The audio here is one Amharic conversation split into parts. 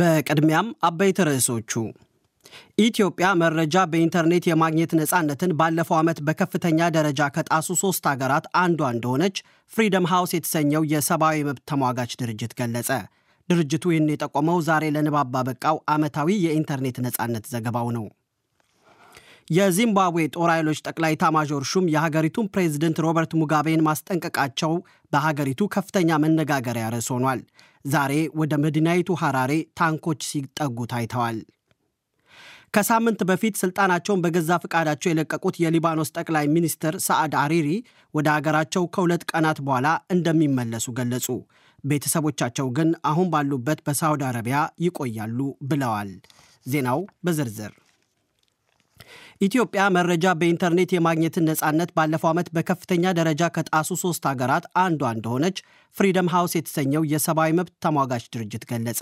በቅድሚያም አበይት ርዕሶቹ ኢትዮጵያ መረጃ በኢንተርኔት የማግኘት ነፃነትን ባለፈው ዓመት በከፍተኛ ደረጃ ከጣሱ ሶስት አገራት አንዷ እንደሆነች ፍሪደም ሃውስ የተሰኘው የሰብአዊ መብት ተሟጋች ድርጅት ገለጸ። ድርጅቱ ይህን የጠቆመው ዛሬ ለንባባ በቃው ዓመታዊ የኢንተርኔት ነፃነት ዘገባው ነው። የዚምባብዌ ጦር ኃይሎች ጠቅላይ ታማዦር ሹም የሀገሪቱን ፕሬዝደንት ሮበርት ሙጋቤን ማስጠንቀቃቸው በሀገሪቱ ከፍተኛ መነጋገሪያ ርዕስ ሆኗል። ዛሬ ወደ መዲናይቱ ሐራሬ ታንኮች ሲጠጉ ታይተዋል። ከሳምንት በፊት ስልጣናቸውን በገዛ ፈቃዳቸው የለቀቁት የሊባኖስ ጠቅላይ ሚኒስትር ሳዕድ አሪሪ ወደ አገራቸው ከሁለት ቀናት በኋላ እንደሚመለሱ ገለጹ። ቤተሰቦቻቸው ግን አሁን ባሉበት በሳውዲ አረቢያ ይቆያሉ ብለዋል። ዜናው በዝርዝር ኢትዮጵያ መረጃ በኢንተርኔት የማግኘትን ነጻነት ባለፈው ዓመት በከፍተኛ ደረጃ ከጣሱ ሶስት ሀገራት አንዷ እንደሆነች ፍሪደም ሃውስ የተሰኘው የሰብአዊ መብት ተሟጋች ድርጅት ገለጸ።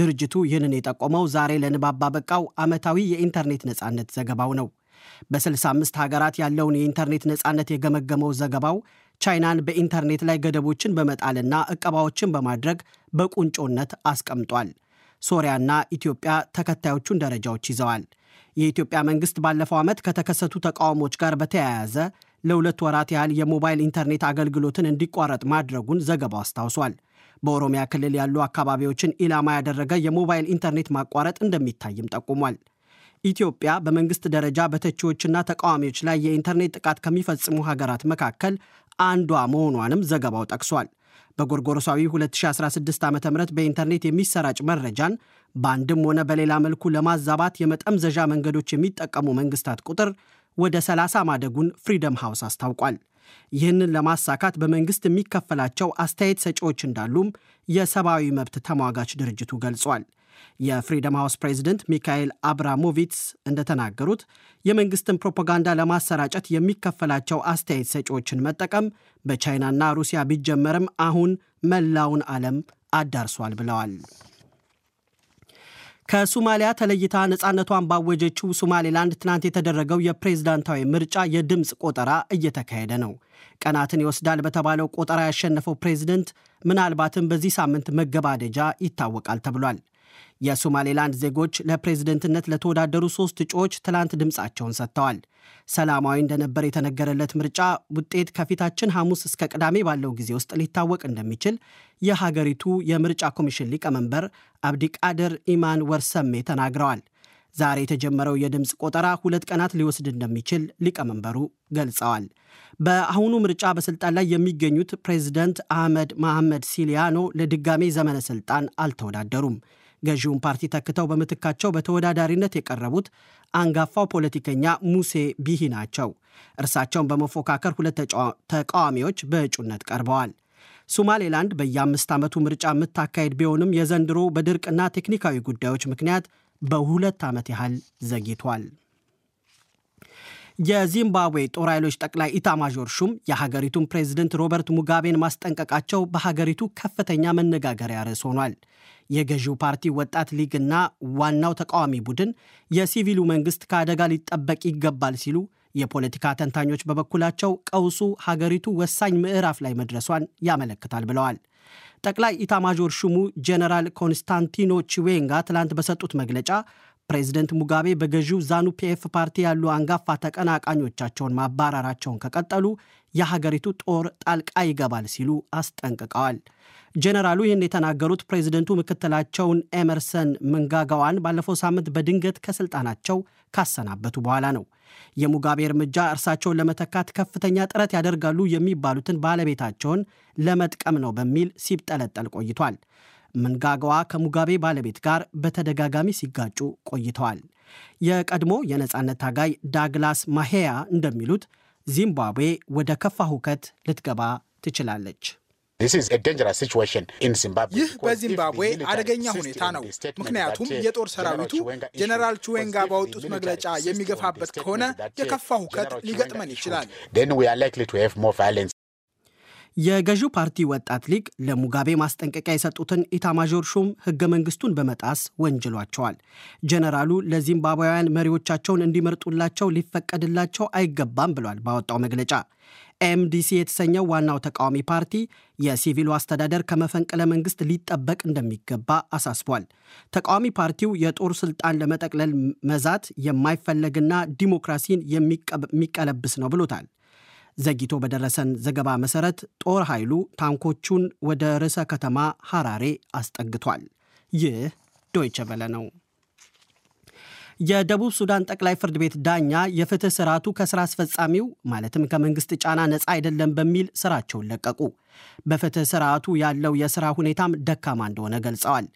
ድርጅቱ ይህንን የጠቆመው ዛሬ ለንባብ ባበቃው ዓመታዊ የኢንተርኔት ነጻነት ዘገባው ነው። በ65 ሀገራት ያለውን የኢንተርኔት ነጻነት የገመገመው ዘገባው ቻይናን በኢንተርኔት ላይ ገደቦችን በመጣልና እቀባዎችን በማድረግ በቁንጮነት አስቀምጧል። ሶሪያና ኢትዮጵያ ተከታዮቹን ደረጃዎች ይዘዋል። የኢትዮጵያ መንግስት ባለፈው ዓመት ከተከሰቱ ተቃውሞዎች ጋር በተያያዘ ለሁለት ወራት ያህል የሞባይል ኢንተርኔት አገልግሎትን እንዲቋረጥ ማድረጉን ዘገባው አስታውሷል። በኦሮሚያ ክልል ያሉ አካባቢዎችን ኢላማ ያደረገ የሞባይል ኢንተርኔት ማቋረጥ እንደሚታይም ጠቁሟል። ኢትዮጵያ በመንግስት ደረጃ በተቺዎችና ተቃዋሚዎች ላይ የኢንተርኔት ጥቃት ከሚፈጽሙ ሀገራት መካከል አንዷ መሆኗንም ዘገባው ጠቅሷል። በጎርጎሮሳዊ 2016 ዓ ም በኢንተርኔት የሚሰራጭ መረጃን በአንድም ሆነ በሌላ መልኩ ለማዛባት የመጠምዘዣ መንገዶች የሚጠቀሙ መንግስታት ቁጥር ወደ 30 ማደጉን ፍሪደም ሃውስ አስታውቋል። ይህንን ለማሳካት በመንግስት የሚከፈላቸው አስተያየት ሰጪዎች እንዳሉም የሰብአዊ መብት ተሟጋች ድርጅቱ ገልጿል። የፍሪደም ሃውስ ፕሬዚደንት ሚካኤል አብራሞቪትስ እንደተናገሩት የመንግስትን ፕሮፓጋንዳ ለማሰራጨት የሚከፈላቸው አስተያየት ሰጪዎችን መጠቀም በቻይናና ሩሲያ ቢጀመርም አሁን መላውን ዓለም አዳርሷል ብለዋል። ከሱማሊያ ተለይታ ነፃነቷን ባወጀችው ሶማሌላንድ ትናንት የተደረገው የፕሬዝዳንታዊ ምርጫ የድምፅ ቆጠራ እየተካሄደ ነው። ቀናትን ይወስዳል በተባለው ቆጠራ ያሸነፈው ፕሬዝደንት ምናልባትም በዚህ ሳምንት መገባደጃ ይታወቃል ተብሏል። የሶማሌላንድ ዜጎች ለፕሬዝደንትነት ለተወዳደሩ ሶስት እጩዎች ትላንት ድምፃቸውን ሰጥተዋል። ሰላማዊ እንደነበር የተነገረለት ምርጫ ውጤት ከፊታችን ሐሙስ እስከ ቅዳሜ ባለው ጊዜ ውስጥ ሊታወቅ እንደሚችል የሀገሪቱ የምርጫ ኮሚሽን ሊቀመንበር አብዲቃድር ኢማን ወርሰሜ ተናግረዋል። ዛሬ የተጀመረው የድምፅ ቆጠራ ሁለት ቀናት ሊወስድ እንደሚችል ሊቀመንበሩ ገልጸዋል። በአሁኑ ምርጫ በስልጣን ላይ የሚገኙት ፕሬዚደንት አህመድ መሐመድ ሲሊያኖ ለድጋሜ ዘመነ ስልጣን አልተወዳደሩም። ገዢውን ፓርቲ ተክተው በምትካቸው በተወዳዳሪነት የቀረቡት አንጋፋው ፖለቲከኛ ሙሴ ቢሂ ናቸው። እርሳቸውን በመፎካከር ሁለት ተቃዋሚዎች በእጩነት ቀርበዋል። ሶማሌላንድ በየአምስት ዓመቱ ምርጫ የምታካሄድ ቢሆንም የዘንድሮ በድርቅና ቴክኒካዊ ጉዳዮች ምክንያት በሁለት ዓመት ያህል ዘግቷል። የዚምባብዌ ጦር ኃይሎች ጠቅላይ ኢታማዦር ሹም የሀገሪቱን ፕሬዝደንት ሮበርት ሙጋቤን ማስጠንቀቃቸው በሀገሪቱ ከፍተኛ መነጋገሪያ ርዕስ ሆኗል። የገዢው ፓርቲ ወጣት ሊግና ዋናው ተቃዋሚ ቡድን የሲቪሉ መንግስት ከአደጋ ሊጠበቅ ይገባል ሲሉ የፖለቲካ ተንታኞች በበኩላቸው ቀውሱ ሀገሪቱ ወሳኝ ምዕራፍ ላይ መድረሷን ያመለክታል ብለዋል። ጠቅላይ ኢታማዦር ሹሙ ጄኔራል ኮንስታንቲኖ ቺዌንጋ ትላንት በሰጡት መግለጫ ፕሬዚደንት ሙጋቤ በገዢው ዛኑ ፒኤፍ ፓርቲ ያሉ አንጋፋ ተቀናቃኞቻቸውን ማባረራቸውን ከቀጠሉ የሀገሪቱ ጦር ጣልቃ ይገባል ሲሉ አስጠንቅቀዋል። ጄኔራሉ ይህን የተናገሩት ፕሬዚደንቱ ምክትላቸውን ኤመርሰን ምንጋጋዋን ባለፈው ሳምንት በድንገት ከስልጣናቸው ካሰናበቱ በኋላ ነው። የሙጋቤ እርምጃ እርሳቸውን ለመተካት ከፍተኛ ጥረት ያደርጋሉ የሚባሉትን ባለቤታቸውን ለመጥቀም ነው በሚል ሲብጠለጠል ቆይቷል። ምንጋጋዋ ከሙጋቤ ባለቤት ጋር በተደጋጋሚ ሲጋጩ ቆይተዋል። የቀድሞ የነፃነት ታጋይ ዳግላስ ማሄያ እንደሚሉት ዚምባብዌ ወደ ከፋ ሁከት ልትገባ ትችላለች። ይህ በዚምባብዌ አደገኛ ሁኔታ ነው። ምክንያቱም የጦር ሰራዊቱ ጀነራል ቹዌንጋ ባወጡት መግለጫ የሚገፋበት ከሆነ የከፋ ሁከት ሊገጥመን ይችላል። የገዢው ፓርቲ ወጣት ሊግ ለሙጋቤ ማስጠንቀቂያ የሰጡትን ኢታማዦር ሹም ህገ መንግስቱን በመጣስ ወንጅሏቸዋል። ጀነራሉ ለዚምባብያውያን መሪዎቻቸውን እንዲመርጡላቸው ሊፈቀድላቸው አይገባም ብሏል ባወጣው መግለጫ። ኤምዲሲ የተሰኘው ዋናው ተቃዋሚ ፓርቲ የሲቪሉ አስተዳደር ከመፈንቅለ መንግስት ሊጠበቅ እንደሚገባ አሳስቧል። ተቃዋሚ ፓርቲው የጦር ስልጣን ለመጠቅለል መዛት የማይፈለግና ዲሞክራሲን የሚቀለብስ ነው ብሎታል። ዘግይቶ በደረሰን ዘገባ መሰረት ጦር ኃይሉ ታንኮቹን ወደ ርዕሰ ከተማ ሐራሬ አስጠግቷል። ይህ ዶይቸ በለ ነው። የደቡብ ሱዳን ጠቅላይ ፍርድ ቤት ዳኛ የፍትህ ስርዓቱ ከስራ አስፈጻሚው ማለትም ከመንግስት ጫና ነፃ አይደለም በሚል ስራቸውን ለቀቁ። በፍትህ ስርዓቱ ያለው የሥራ ሁኔታም ደካማ እንደሆነ ገልጸዋል።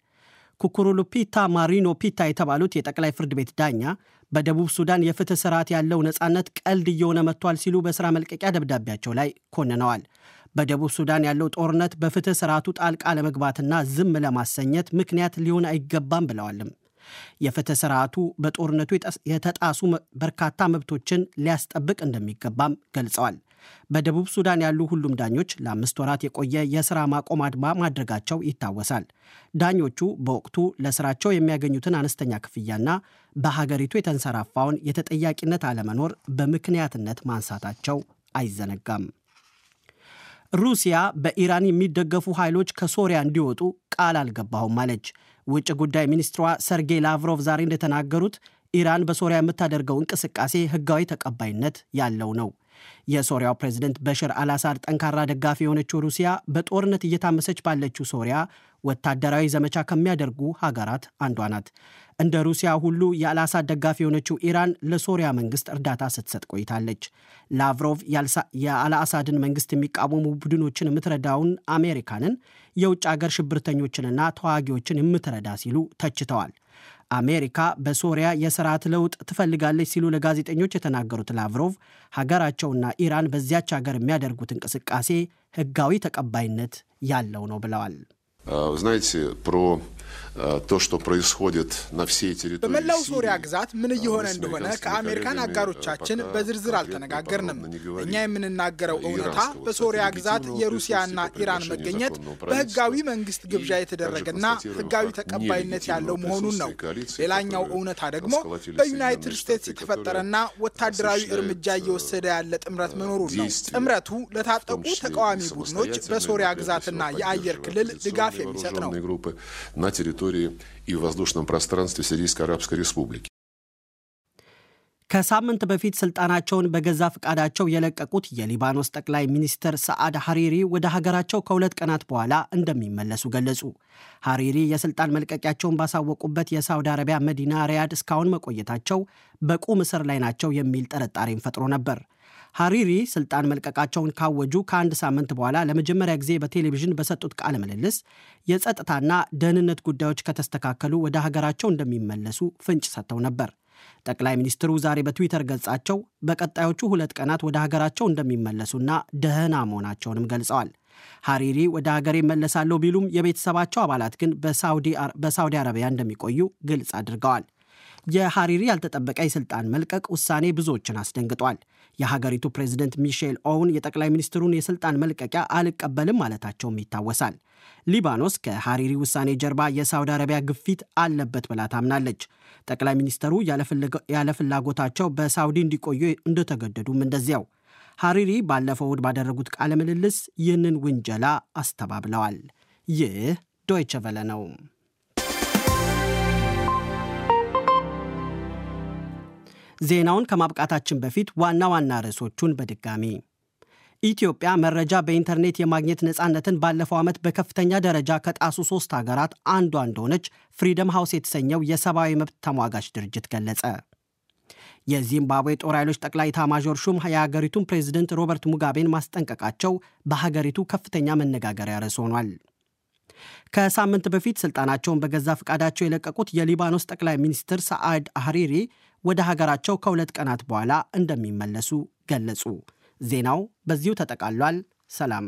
ኩኩሩሉ ፒታ ማሪኖ ፒታ የተባሉት የጠቅላይ ፍርድ ቤት ዳኛ በደቡብ ሱዳን የፍትህ ስርዓት ያለው ነጻነት ቀልድ እየሆነ መጥቷል ሲሉ በሥራ መልቀቂያ ደብዳቤያቸው ላይ ኮንነዋል። በደቡብ ሱዳን ያለው ጦርነት በፍትህ ስርዓቱ ጣልቃ ለመግባትና ዝም ለማሰኘት ምክንያት ሊሆን አይገባም ብለዋልም። የፍትህ ስርዓቱ በጦርነቱ የተጣሱ በርካታ መብቶችን ሊያስጠብቅ እንደሚገባም ገልጸዋል። በደቡብ ሱዳን ያሉ ሁሉም ዳኞች ለአምስት ወራት የቆየ የሥራ ማቆም አድማ ማድረጋቸው ይታወሳል። ዳኞቹ በወቅቱ ለሥራቸው የሚያገኙትን አነስተኛ ክፍያና በሀገሪቱ የተንሰራፋውን የተጠያቂነት አለመኖር በምክንያትነት ማንሳታቸው አይዘነጋም። ሩሲያ በኢራን የሚደገፉ ኃይሎች ከሶሪያ እንዲወጡ ቃል አልገባሁም አለች። ውጭ ጉዳይ ሚኒስትሯ ሰርጌይ ላቭሮቭ ዛሬ እንደተናገሩት ኢራን በሶሪያ የምታደርገው እንቅስቃሴ ሕጋዊ ተቀባይነት ያለው ነው። የሶሪያው ፕሬዝደንት በሽር አልአሳድ ጠንካራ ደጋፊ የሆነችው ሩሲያ በጦርነት እየታመሰች ባለችው ሶሪያ ወታደራዊ ዘመቻ ከሚያደርጉ ሀገራት አንዷ ናት። እንደ ሩሲያ ሁሉ የአልአሳድ ደጋፊ የሆነችው ኢራን ለሶሪያ መንግስት እርዳታ ስትሰጥ ቆይታለች። ላቭሮቭ የአልአሳድን መንግስት የሚቃወሙ ቡድኖችን የምትረዳውን አሜሪካንን የውጭ አገር ሽብርተኞችንና ተዋጊዎችን የምትረዳ ሲሉ ተችተዋል። አሜሪካ በሶሪያ የስርዓት ለውጥ ትፈልጋለች ሲሉ ለጋዜጠኞች የተናገሩት ላቭሮቭ ሀገራቸውና ኢራን በዚያች ሀገር የሚያደርጉት እንቅስቃሴ ህጋዊ ተቀባይነት ያለው ነው ብለዋል። Вы знаете, про በመላው ሶሪያ ግዛት ምን እየሆነ እንደሆነ ከአሜሪካን አጋሮቻችን በዝርዝር አልተነጋገርንም። እኛ የምንናገረው እውነታ በሶሪያ ግዛት የሩሲያና ኢራን መገኘት በህጋዊ መንግስት ግብዣ የተደረገና ህጋዊ ተቀባይነት ያለው መሆኑን ነው። ሌላኛው እውነታ ደግሞ በዩናይትድ ስቴትስ የተፈጠረና ወታደራዊ እርምጃ እየወሰደ ያለ ጥምረት መኖሩን ነው። ጥምረቱ ለታጠቁ ተቃዋሚ ቡድኖች በሶሪያ ግዛትና የአየር ክልል ድጋፍ мафия вооруженные группы на территории и в воздушном пространстве Сирийской Арабской Республики. ከሳምንት በፊት ስልጣናቸውን በገዛ ፍቃዳቸው የለቀቁት የሊባኖስ ጠቅላይ ሚኒስትር ሰዓድ ሐሪሪ ወደ ሀገራቸው ከሁለት ቀናት በኋላ እንደሚመለሱ ገለጹ። ሐሪሪ የስልጣን መልቀቂያቸውን ባሳወቁበት የሳውዲ አረቢያ መዲና ሪያድ እስካሁን መቆየታቸው በቁም እስር ላይ ናቸው የሚል ጥርጣሬን ፈጥሮ ነበር። ሀሪሪ ስልጣን መልቀቃቸውን ካወጁ ከአንድ ሳምንት በኋላ ለመጀመሪያ ጊዜ በቴሌቪዥን በሰጡት ቃለ ምልልስ የጸጥታና ደህንነት ጉዳዮች ከተስተካከሉ ወደ ሀገራቸው እንደሚመለሱ ፍንጭ ሰጥተው ነበር። ጠቅላይ ሚኒስትሩ ዛሬ በትዊተር ገጻቸው በቀጣዮቹ ሁለት ቀናት ወደ ሀገራቸው እንደሚመለሱና ደህና መሆናቸውንም ገልጸዋል። ሀሪሪ ወደ ሀገር ይመለሳለሁ ቢሉም የቤተሰባቸው አባላት ግን በሳውዲ አረቢያ እንደሚቆዩ ግልጽ አድርገዋል። የሐሪሪ ያልተጠበቀ የስልጣን መልቀቅ ውሳኔ ብዙዎችን አስደንግጧል። የሀገሪቱ ፕሬዚደንት ሚሼል ኦውን የጠቅላይ ሚኒስትሩን የስልጣን መልቀቂያ አልቀበልም ማለታቸውም ይታወሳል። ሊባኖስ ከሐሪሪ ውሳኔ ጀርባ የሳውዲ አረቢያ ግፊት አለበት ብላ ታምናለች። ጠቅላይ ሚኒስትሩ ያለፍላጎታቸው በሳውዲ እንዲቆዩ እንደተገደዱም እንደዚያው። ሐሪሪ ባለፈው እሁድ ባደረጉት ቃለ ምልልስ ይህንን ውንጀላ አስተባብለዋል። ይህ ዶይቸ ቨለ ነው። ዜናውን ከማብቃታችን በፊት ዋና ዋና ርዕሶቹን በድጋሚ ኢትዮጵያ መረጃ በኢንተርኔት የማግኘት ነፃነትን ባለፈው ዓመት በከፍተኛ ደረጃ ከጣሱ ሶስት ሀገራት አንዷ እንደሆነች ፍሪደም ሃውስ የተሰኘው የሰብአዊ መብት ተሟጋች ድርጅት ገለጸ። የዚምባብዌ ጦር ኃይሎች ጠቅላይ ታማዦር ሹም የሀገሪቱን ፕሬዝደንት ሮበርት ሙጋቤን ማስጠንቀቃቸው በሀገሪቱ ከፍተኛ መነጋገሪያ ርዕስ ሆኗል። ከሳምንት በፊት ስልጣናቸውን በገዛ ፈቃዳቸው የለቀቁት የሊባኖስ ጠቅላይ ሚኒስትር ሳዓድ አህሪሪ ወደ ሀገራቸው ከሁለት ቀናት በኋላ እንደሚመለሱ ገለጹ። ዜናው በዚሁ ተጠቃሏል። ሰላም